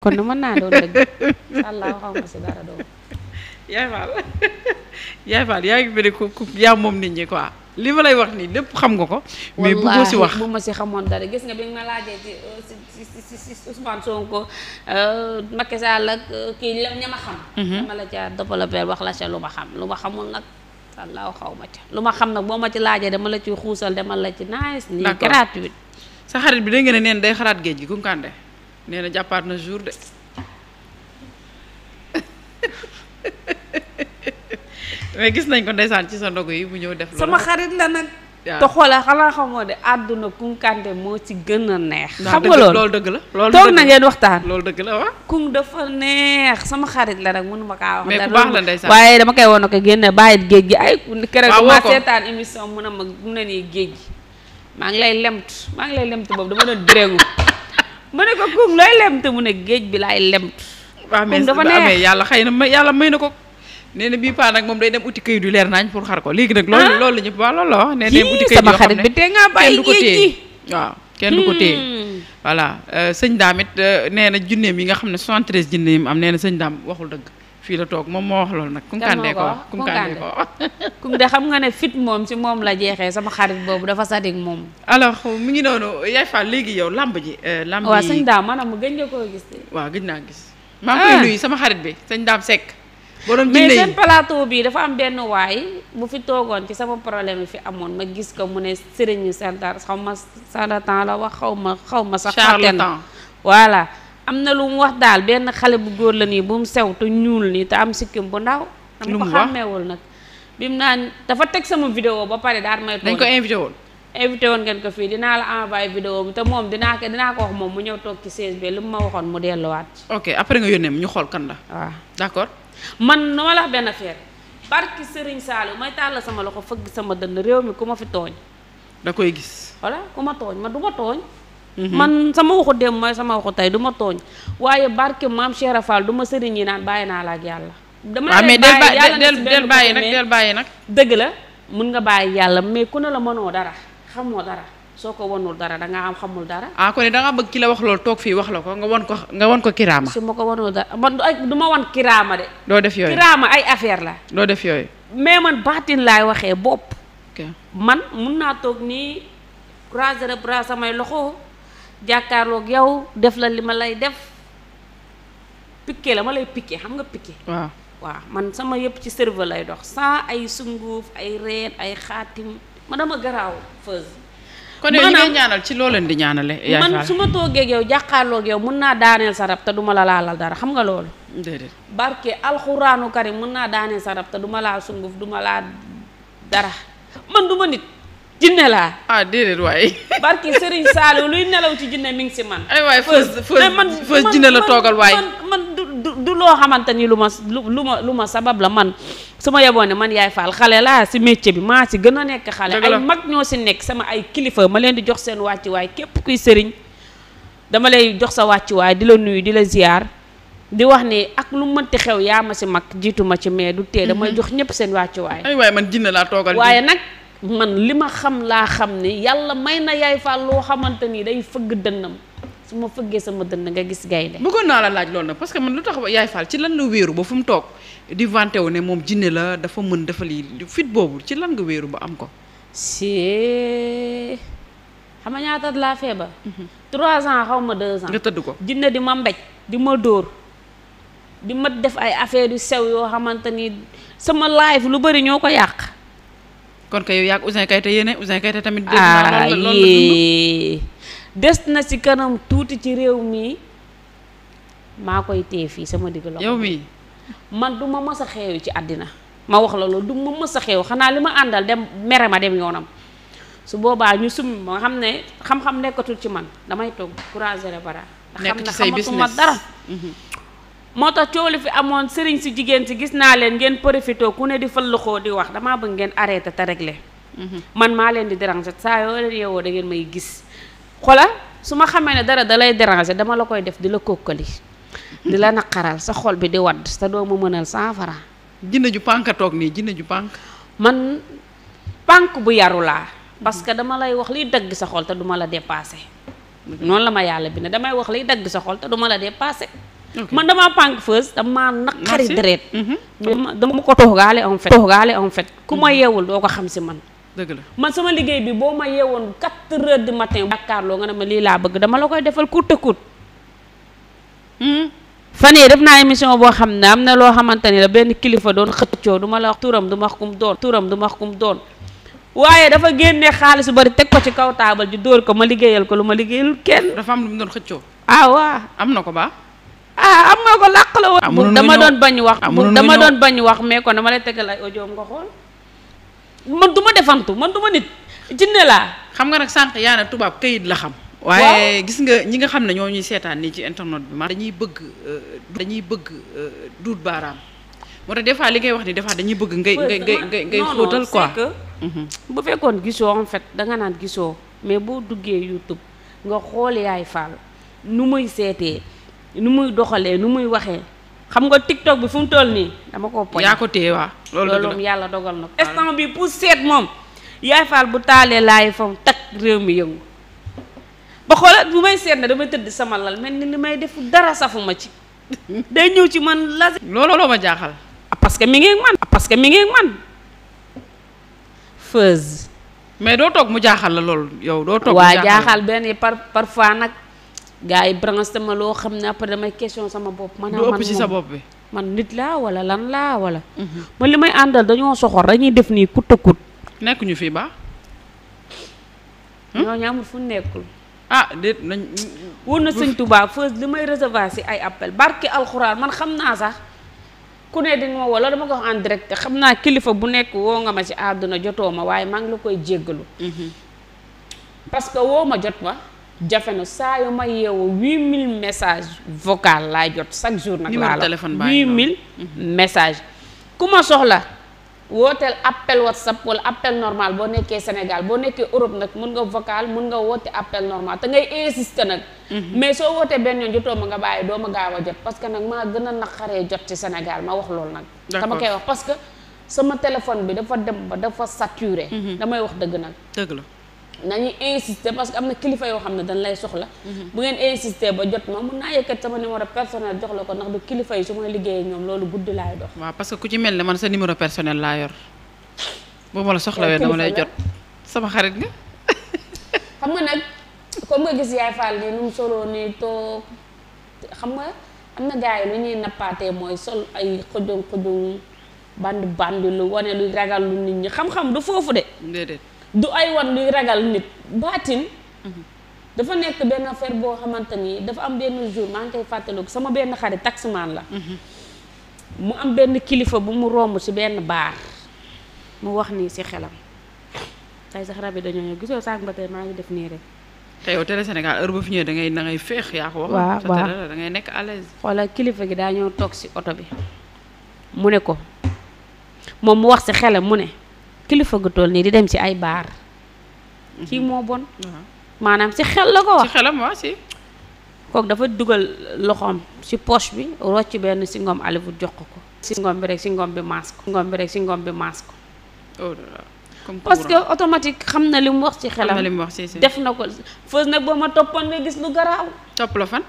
kon na mën naa doon dëgg allah xaw ma si dara doon. yaay faal yaay yaa ngi bëri ku yaa moom nit ñi quoi li ma lay wax nii lépp xam nga ko. mais bëggoo wax bu ma si xamoon dara gis nga bi ma laajee euh, ci ci ci Ousmane Sonko euh, Macky Sall ak euh, kii la ña ma xam. Mhm. dama la caa développé wax la ca lu ma xam lu ma xamul nag. wallaahu xaw ma ci lu ma xam nag boo ma ci laajee dama la ci xuusal dama la ci nice nii gratuit. sa xarit bi dégg nga ne neen day xalaat géej gi Kounkandé. nee na jàppaat na jour de mais gis nañ ko ndeysaan ci sa ndogu yi bu ñëw def loolu sama xarit la nag te xoolee xanaa xamoo de àdduna kunkante moo ci gën a neex xam dëgg la loolu toog na ngeen waxtaan loolu dëgg la waaw kung dafa neex sama xarit la rek mënuma kaa wax mais ku baax la ndeysaan waaye dama koy woon na ko génne bàyyit géej gi ay keroog ma seetaan émission mun a mag mu ne nii géej gi maa ngi lay lemt maa ngi lay lemt boobu dama doon dréngu ma ne ko kum lay lemte mu ne géej bi laay lemt waaw mais dafa neex yàlla xëy na may yàlla may na ko nee na bii paa nag moom day dem uti këyit yu leer naañ pour xar ko léegi nag loolu ah? loolu la ñëpp waaw loolu la wax nee dem uti këyit sama xarit bi tee ngaa bàyyi géej gi waaw kenn du ko téye hmm. voilà euh, sëñ daamit it euh, nee na junneem yi nga xam ne 73 junneem am nee na sëñ daam waxul dëgg fii la toog moom moo wax loolu nag. kumkandee ko kumkandee ko kum de xam nga ne fit moom si moom la jeexee sama xarit boobu dafa sadik moom. alors mi ngi noonu Yaay Fall léegi yow lamb ji. Euh, lamb yi waaw sëñ Daam maanaam gëj nga koo gis. waa gëj naa gis. maa ngi koy ah. nuyu sama xarit bi sañ Daam sekk borom mais seen plateau bi dafa am benn waay bu fi toogoon ci sama problème fi amoon ma gis ko mu ne sëriñu santar xaw ma santar la wax xaw ma xaw ma sax. charlatan voilà. am na lu mu wax daal benn xale bu góor la nii bu mu sew te ñuul nii te am sikkim bu ndaw. lu ma wax dama ko xàmmeewul nag. mu naan dafa teg sama video ba pare daal may. dañ ko invité woon. invité woon ngeen ko fii dinaa la envoyé vidéo bi te moom dinaa ko dinaa wax moom mu ñëw toog ci siège bi li mu ma waxoon mu delluwaat. ok après nga yónnee mu ñu xool kan la. waaw d'accord. man na ma la benn affaire barki Serigne Saliou may tàll sama loxo fëgg sama dënn réew mi ku ma fi tooñ. da koy gis. voilà ku ma tooñ ma du tooñ. Mm-hmm. man sama waxu dem mooy sama waxu tey du ma tooñ waaye barke maam Cheikh Fall du ma sëriñ yi naan bàyyi naa la yàlla dama ah, lay bàyyi del del bàyyi nag dëgg la mun nga bàyyi yàlla mais ku ne la mënoo dara xamoo dara soo ko wanul dara dangaa am xamul dara ah ko da nga bëgg ki la wax loolu toog fii wax la ko nga won ko nga ko kiraama su ma ko wanul dara man du ma wan kiraama de doo def yooyu kiraama ay affaire la doo def yooyu mais man baatin laay waxee bopp man mun naa toog nii raser loxo jàkkaarloog yow def la li ma lay def piqué la ma lay piqué xam nga piqué. waaw man sama yëpp ci cerveau lay dox sans ay sunguf ay reen ay xaatim ma dama garaaw feuse kon yow ngay ñaanal ci loo leen di ñaanale man su ma toogee ak yow jàkkaarloog yow mun naa daaneel sa rab te duma la laalal dara xam nga loolu déedéet barke alxuraanu karim mun naa daaneel sa rab te duma laal sunguf duma laa dara man duma nit jinne laa ah déedéet waaye. barki Serigne Saliou luy nelaw ci jinne mi ngi si man. ay waay fës fës jinne la toogal waaye man du du loo xamante ni lu ma lu ma lu ma sabab la man su ma yeboon ne man yaay faal xale laa si métier bi maa si gën a nekk xale. ay mag ñoo si nekk sama ay kilifa ma leen di jox seen wàccuwaay képp kuy sëriñ dama lay jox sa wàccuwaay di la nuyu di la ziar. di wax ni ak lu mënti xew yaa ma si mag jiituma ci mais du tee mhm. damay jox ñëpp seen wàccuwaay. ay man jinne laa toogal waaye nag. man li ma xam laa xam ne yàlla may na yaay faal loo xamante ni day fëgg dënnam su ma fëggee sama dënn nga gis gaynde bëggoon naa la laaj loolu nag parce que man lu tax yaay faal ci lan la wéeru ba fu mu toog di vanté wu ne moom jinne la dafa mën dafa lii fit boobu ci lan wéeru ba am ko si xam nga ñaata laa feebar mhm. trois ans xaw ma deux ans nga tëdd ko jinne di ma mbej di ma dóor di ma def ay affaire yu sew yoo xamante ni sama life lu bari ñoo ko yàq kon kay yow yaa Ouzin Keita yéene Ouzin Keita tamit. ah yee des na si kanam tuuti ci réew mii maa koy téye fii sama digg loxo. yow mii man du ma mës a xeew ci àddina ma wax la loolu du ma xeew xanaa li ma àndal dem mere ma dem yoonam su boobaa ñu sum ma xam ne xam-xam nekkatul ci man damay toog courage bara. nekk ci say business ndax moo tax coow li fi amoon sëriñ si jigéen si gis naa leen ngeen profité ku ne di fëlëxoo di wax damaa bëgg ngeen arrêté te réglé. Mhm. man maa leen di déranger saa yoo leen yeewoo da ngeen may gis. xola su ma xamee ne dara da lay déranger dama la koy def di la kokkali di la naqaral sa xol bi di wadd sa doo ma mënal cent francs. jinne ju pànk toog nii jinne ju pànk. man pànk bu yaru laa. parce que dama lay wax liy dagg sa xol te duma la dépassé. noonu la ma yàlla bi ne damay wax liy dagg sa xol te duma la dépassé. man dama pànk fës damaa naqari deret mhm. dama ko toogaale en fait toogaale en ku ma mhm. yeewul doo ko xam si man dëgg la man sama liggéey bi boo ma yeewoon quatre heures du matin jàkkaarloo nga ne ma lii laa bëgg dama la koy defal courte courte mhm. fan yii def naa émission boo xam ne am na loo xamante ni la benn kilifa doon xëccoo du la wax turam du ma wax kum doon turam du ma doon waaye dafa génne xaalis bu bari teg ko ci kaw taabal ji dóor ko ma liggéeyal ko lu ma liggéeyal kenn dafa am lu mu doon ah, am na ko baa ah am nga ko làq la woon. dama doon bañ wax. dama doon bañ wax mais kon ma lay tegal ay audio nga xool. man du ma defantu man du ma nit. jinne laa. xam nga nag sànq yaa ne tubaab kayit la xam. waaye gis nga ñi nga xam ne ñoo ñuy seetaan nii ci internet bi ma dañuy bëgg euh, dañuy bëgg euh, duut baaraam. moo tax des fois li ngay wax ni des dañuy bëgg ngay ngay ngay ngay xóotal mhm. bu fekkoon gisoo en fait danga naan gisoo mais boo duggee YouTube nga xool yaay faal nu muy seetee. nu muy doxalee nu muy waxee xam nga tiktok bi fu mu toll nii dama koo poñ yaa ko téye waa loolu yàlla dogal na ko instant bi pour seet moom yaay faal bu taalee laay fam tak réew mi yëngu ba xoolal bu may seet na dama tëdd sama lal mel ni li may defu dara safuma ci day ñëw ci man la looloo ma jaaxal ah, parce que mi ngi man ah, parce que mi ngi man feuse mais doo toog mu jaaxal la loolu yow doo toog waa jaaxal benn parfois nag gars yi branche sama loo xam ne après damay question sama bopp. man a ëpp ci sa bopp bi man nit laa wala lan laa wala. Mhm. man li may àndal dañoo soxor dañuy def nii kut a kut. nekkuñu fii ba. Hmm? ñooñu amul fu nekkul. ah déet nañ. wóor na sëñ Touba Feuz li may recevoir si ay appel barki alxuraan man xam naa sax. ku ne di ma woo dama ko wax en direct xam naa kilifa bu nekk woo nga ma ci àdduna jotoo ma waaye maa ngi la koy jéggalu mhm. parce woo ma jot ma jafe na saa yu ma yeewoo 8000 message vocal laay jot chaque jour nag laa la 8000 mhm. message ku ma soxla wooteel appel whatsapp wala appel normal boo nekkee Sénégal boo nekkee Europe nag mun nga vocal mun nga woote appel normal te ngay insister nag mhm. mais soo wootee benn yoon jotoo ma nga bàyyi doo ma gaaw a jot parce que nag maa gën a naqaree jot ci Sénégal ma wax loolu nag ma koy wax parce que sama téléphone bi dafa dem ba dafa saturé mhm. damay wax dëgg nag dëgg la nañu insister parce que am na kilifa yoo xam ne dañ lay soxla. Mhm. bu ngeen insister ba jot ma mun naa yëkkat sama numéro personnel jox la ko ndax du kilifa yi su may liggéeyee ñoom loolu guddi laay dox. waaw parce que ku ci mel ne man sa numéro personnel laa yor bu ma la soxlawee dama lay jot sama xarit nga. xam nga nag comme nga gis yaay Fall ni nu mu soloo ni toog xam nga am na gars yi lu ñuy nappaatee mooy sol ay xojong xojong band band lu wane lu ragal lu nit ñi xam du foofu de. du ay wan luy ragal nit baatin mhm. dafa nekk benn affaire boo xamante ni dafa am benn jour maa ngi koy fàttaliku sama benn xarit taximaan la mhm. mu am benn kilifa bu mu romb ci benn baar mu wax nii si xelam tey sax rab yi dañoo ñëw gisoo sànq ba maa ngi def nii rek te yow télé Sénégal heure fi ñëwee da ngay da ngay féex yaa ko wax waaw waaw da ngay nekk à l'aise xoolal kilifa gi daa ñëw toog ci oto bi mu ne ko moom mu wax ci xelam mu ne kilifa gu toll nii di dem ci ay baar. kii moo bon. maanaam ci xel la ko wax ci xelam waa si. kooku dafa dugal loxoom ci poche bi rocc benn si ngoom alifu jox ko si ngoom bi rek si ngoom bi maas ko ngoom bi rek si ngoom bi maas ko oh parce que automatique xam na li mu wax ci xelam def na ko fës nag ba ma toppoon nga gis lu garaaw topp la fan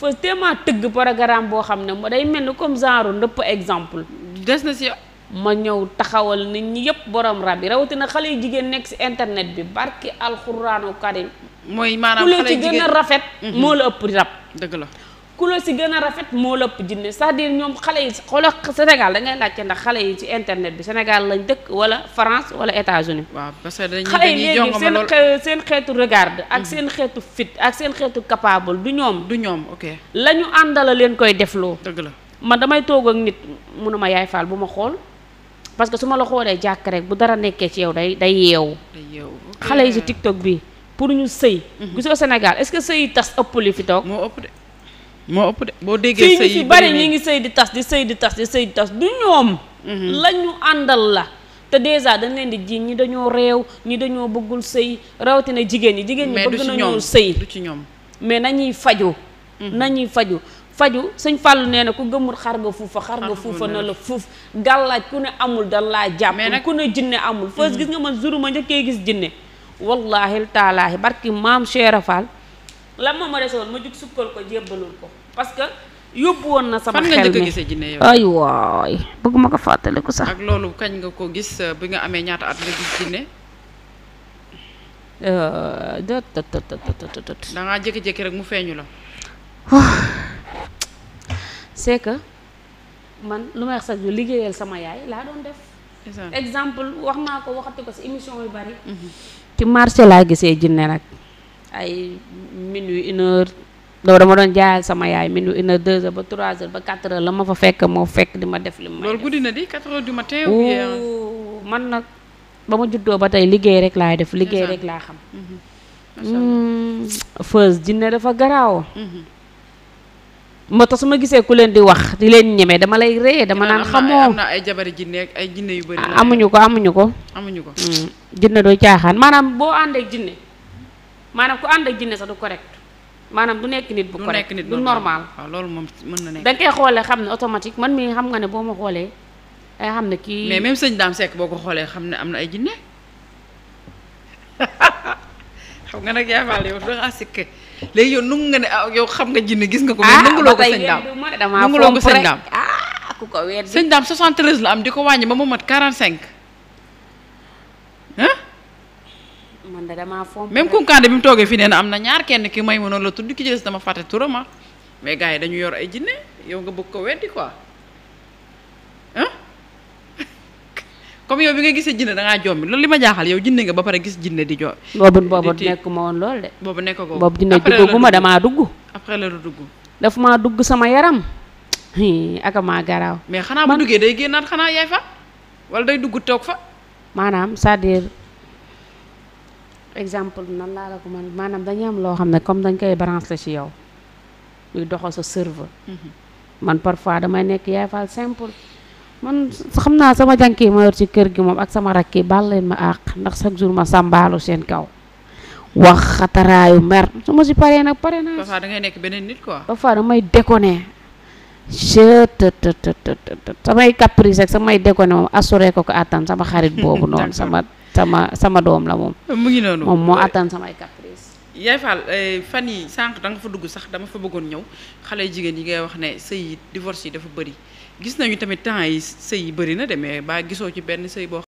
fës téemaa tëgg programme boo xam ne mu day mel ni comme genre ndëpp exemple des na si ma ñëw taxawal nit ñi yëpp borom rab yi rawatina xale yu jigéen nekk si internet bi barki alxuraanu karim. mooy maanaam xale jigéen mhm. ku la ci gën a rafet. moo la ëpp rab. dëgg la ku la si gën a rafet moo la ëpp jinne cest à ñoom xale yi xoolal Sénégal da ngay laajte ndax xale yi ci internet bi Sénégal lañ dëkk wala France wala États-Unis waaw parce que dañuy xale yi léegi seen xeetu regard. ak mhm. seen xeetu fit ak seen xeetu capable du ñoom. du ñoom ok la ñu àndala leen koy defloo. dëgg la man damay toog ak nit munuma yaay faal bu ma xool parce que su ma la xoolee jàkk rek bu dara nekkee ci yow day day yeewu xale yi ci TikTok bi pour ñu sëy mhm. gisoo Sénégal est-ce que sëy tas ëpp li fi toog moo ëpp de moo boo déggee yi bari ñi ngi sëy di tas di sëy di tas di sëy di tas du ñoom mhm. la ñu àndal la te déjà dañ leen di jiiñ ñi dañoo reew ñi dañoo bëggul sëy rawatina jigéen ñi jigéen ñi bëgg nañoo sëy du ci ñoom mais nañuy faju mhm. nañuy faju faju sëñ Fallou nee na ku gëmul xar nga fuufa xar nga fuufa na la fuuf gàllaaj ku ne amul da laa jàpp ku ne jinne amul mm-hmm. fës gis nga man juru ma njëkkee gis jinne wallaahi taalaahi barki maam Cheikh Fall lan ma ma desoon ma jug sukkal ko jébbalul ko parce que yóbbu woon na sama xel fan nga njëkk a gisee jinne ay waay bëgg ko fàttaliku sax ak loolu kañ nga ko gis euh, bi nga amee ñaata at nga gis jinne euh, da dangaa jékki rek mu feeñu la c'est que man lu ma wax sax liggéeyal sama yaay laa doon def. exemple wax naa ko waxati ko ci émission yu bari. Mhm. ci marché laa gisee jinne nag ay minuit une heure doo dama doon jaayal sama yaay minuit une heure deux heures ba trois heures ba quatre heures la ma fa fekk moo fekk di ma def li ma. loolu guddi na di quatre heures man nag ba ma juddoo ba tey liggéey rek laay def. liggéey rek laa xam. Mhm. Mm, feuse jinne dafa garaaw. Mhm. moo tax su ma gisee ku leen di wax di leen ñeme dama lay reye dama naan xamoo am na ay jabari jinne ay jinne yu bari amuñu ko amuñu ko amuñu ko mm, jinne doo caaxaan maanaam boo ànd ak jinne maanaam ku ànd ak jinne sax du correct maanaam du nekk nit bu correct du normal waaw loolu moom mën na nekk da nga koy xam ne automatique man mii xam nga ne boo ma xoolee ay xam ne kii mais même sëñ Dame Seck boo ko xoolee xam ne am na ay jinne xam nga nag yaa faal yow da nga sikk léegi yow nungu nga ne aw ah, yow xam nga jinne gis nga ko. mais ah, nunguloo ko sëñ daam ah nunguloo ko sëñ daam ah ku ko weer sëñ daam 73 la am di ko wàññi ba mu mat 45. ah. man da damaa fomp même Kounkandé bi mu toogee fi nee na am na ñaar kenn ki may mënoon la tudd ki ci des dama fàtte turam ah. mais gars yi dañu yor ay jinne yow nga bëgg ko weddi quoi. comme yow bi nga gisee jinne da ngaa jombi loolu li ma jaaxal yow jinne nga ba pare gis jinne di jooy boobu boobu nekk ma woon de boobu nekk ko boobu jinne dugguma dugg après la dugg daf maa dugg sama yaram aka maa garaaw mais xanaa bu duggee day génnaat xanaa yaay fa wala day dugg toog fa maanaam sa à dire exemple nan laa la ko man maanaam dañuy am loo xam ne comme dañ koy branché ci yow luy doxal sa cerveau mhm. man parfois damay nekk yaay faal simple man xam naa sama jànk yi ma ci kër gi moom ak sama rakk yi baal leen ma àq ndax chaque jour ma sàmbaalu seen kaw wax xataraayu mer su ma si paree nag pare naa. parfois da ngay nekk beneen nit quoi. parfois damay déconné. je te te te samay caprice ak samay déconné moom assuré ko ko attan sama xarit boobu noonu sama sama sama doom la moom. mu ngi noonu moom moo attan samay caprice. yaay Fall eh, fan yi sànq da nga fa dugg sax dama fa bëggoon ñëw xale jigéen yi ngay wax ne sëy yi divorce yi dafa bëri. gis nañu tamit temps yi sëy yi bëri na de mais ba gisoo ci benn sëy boo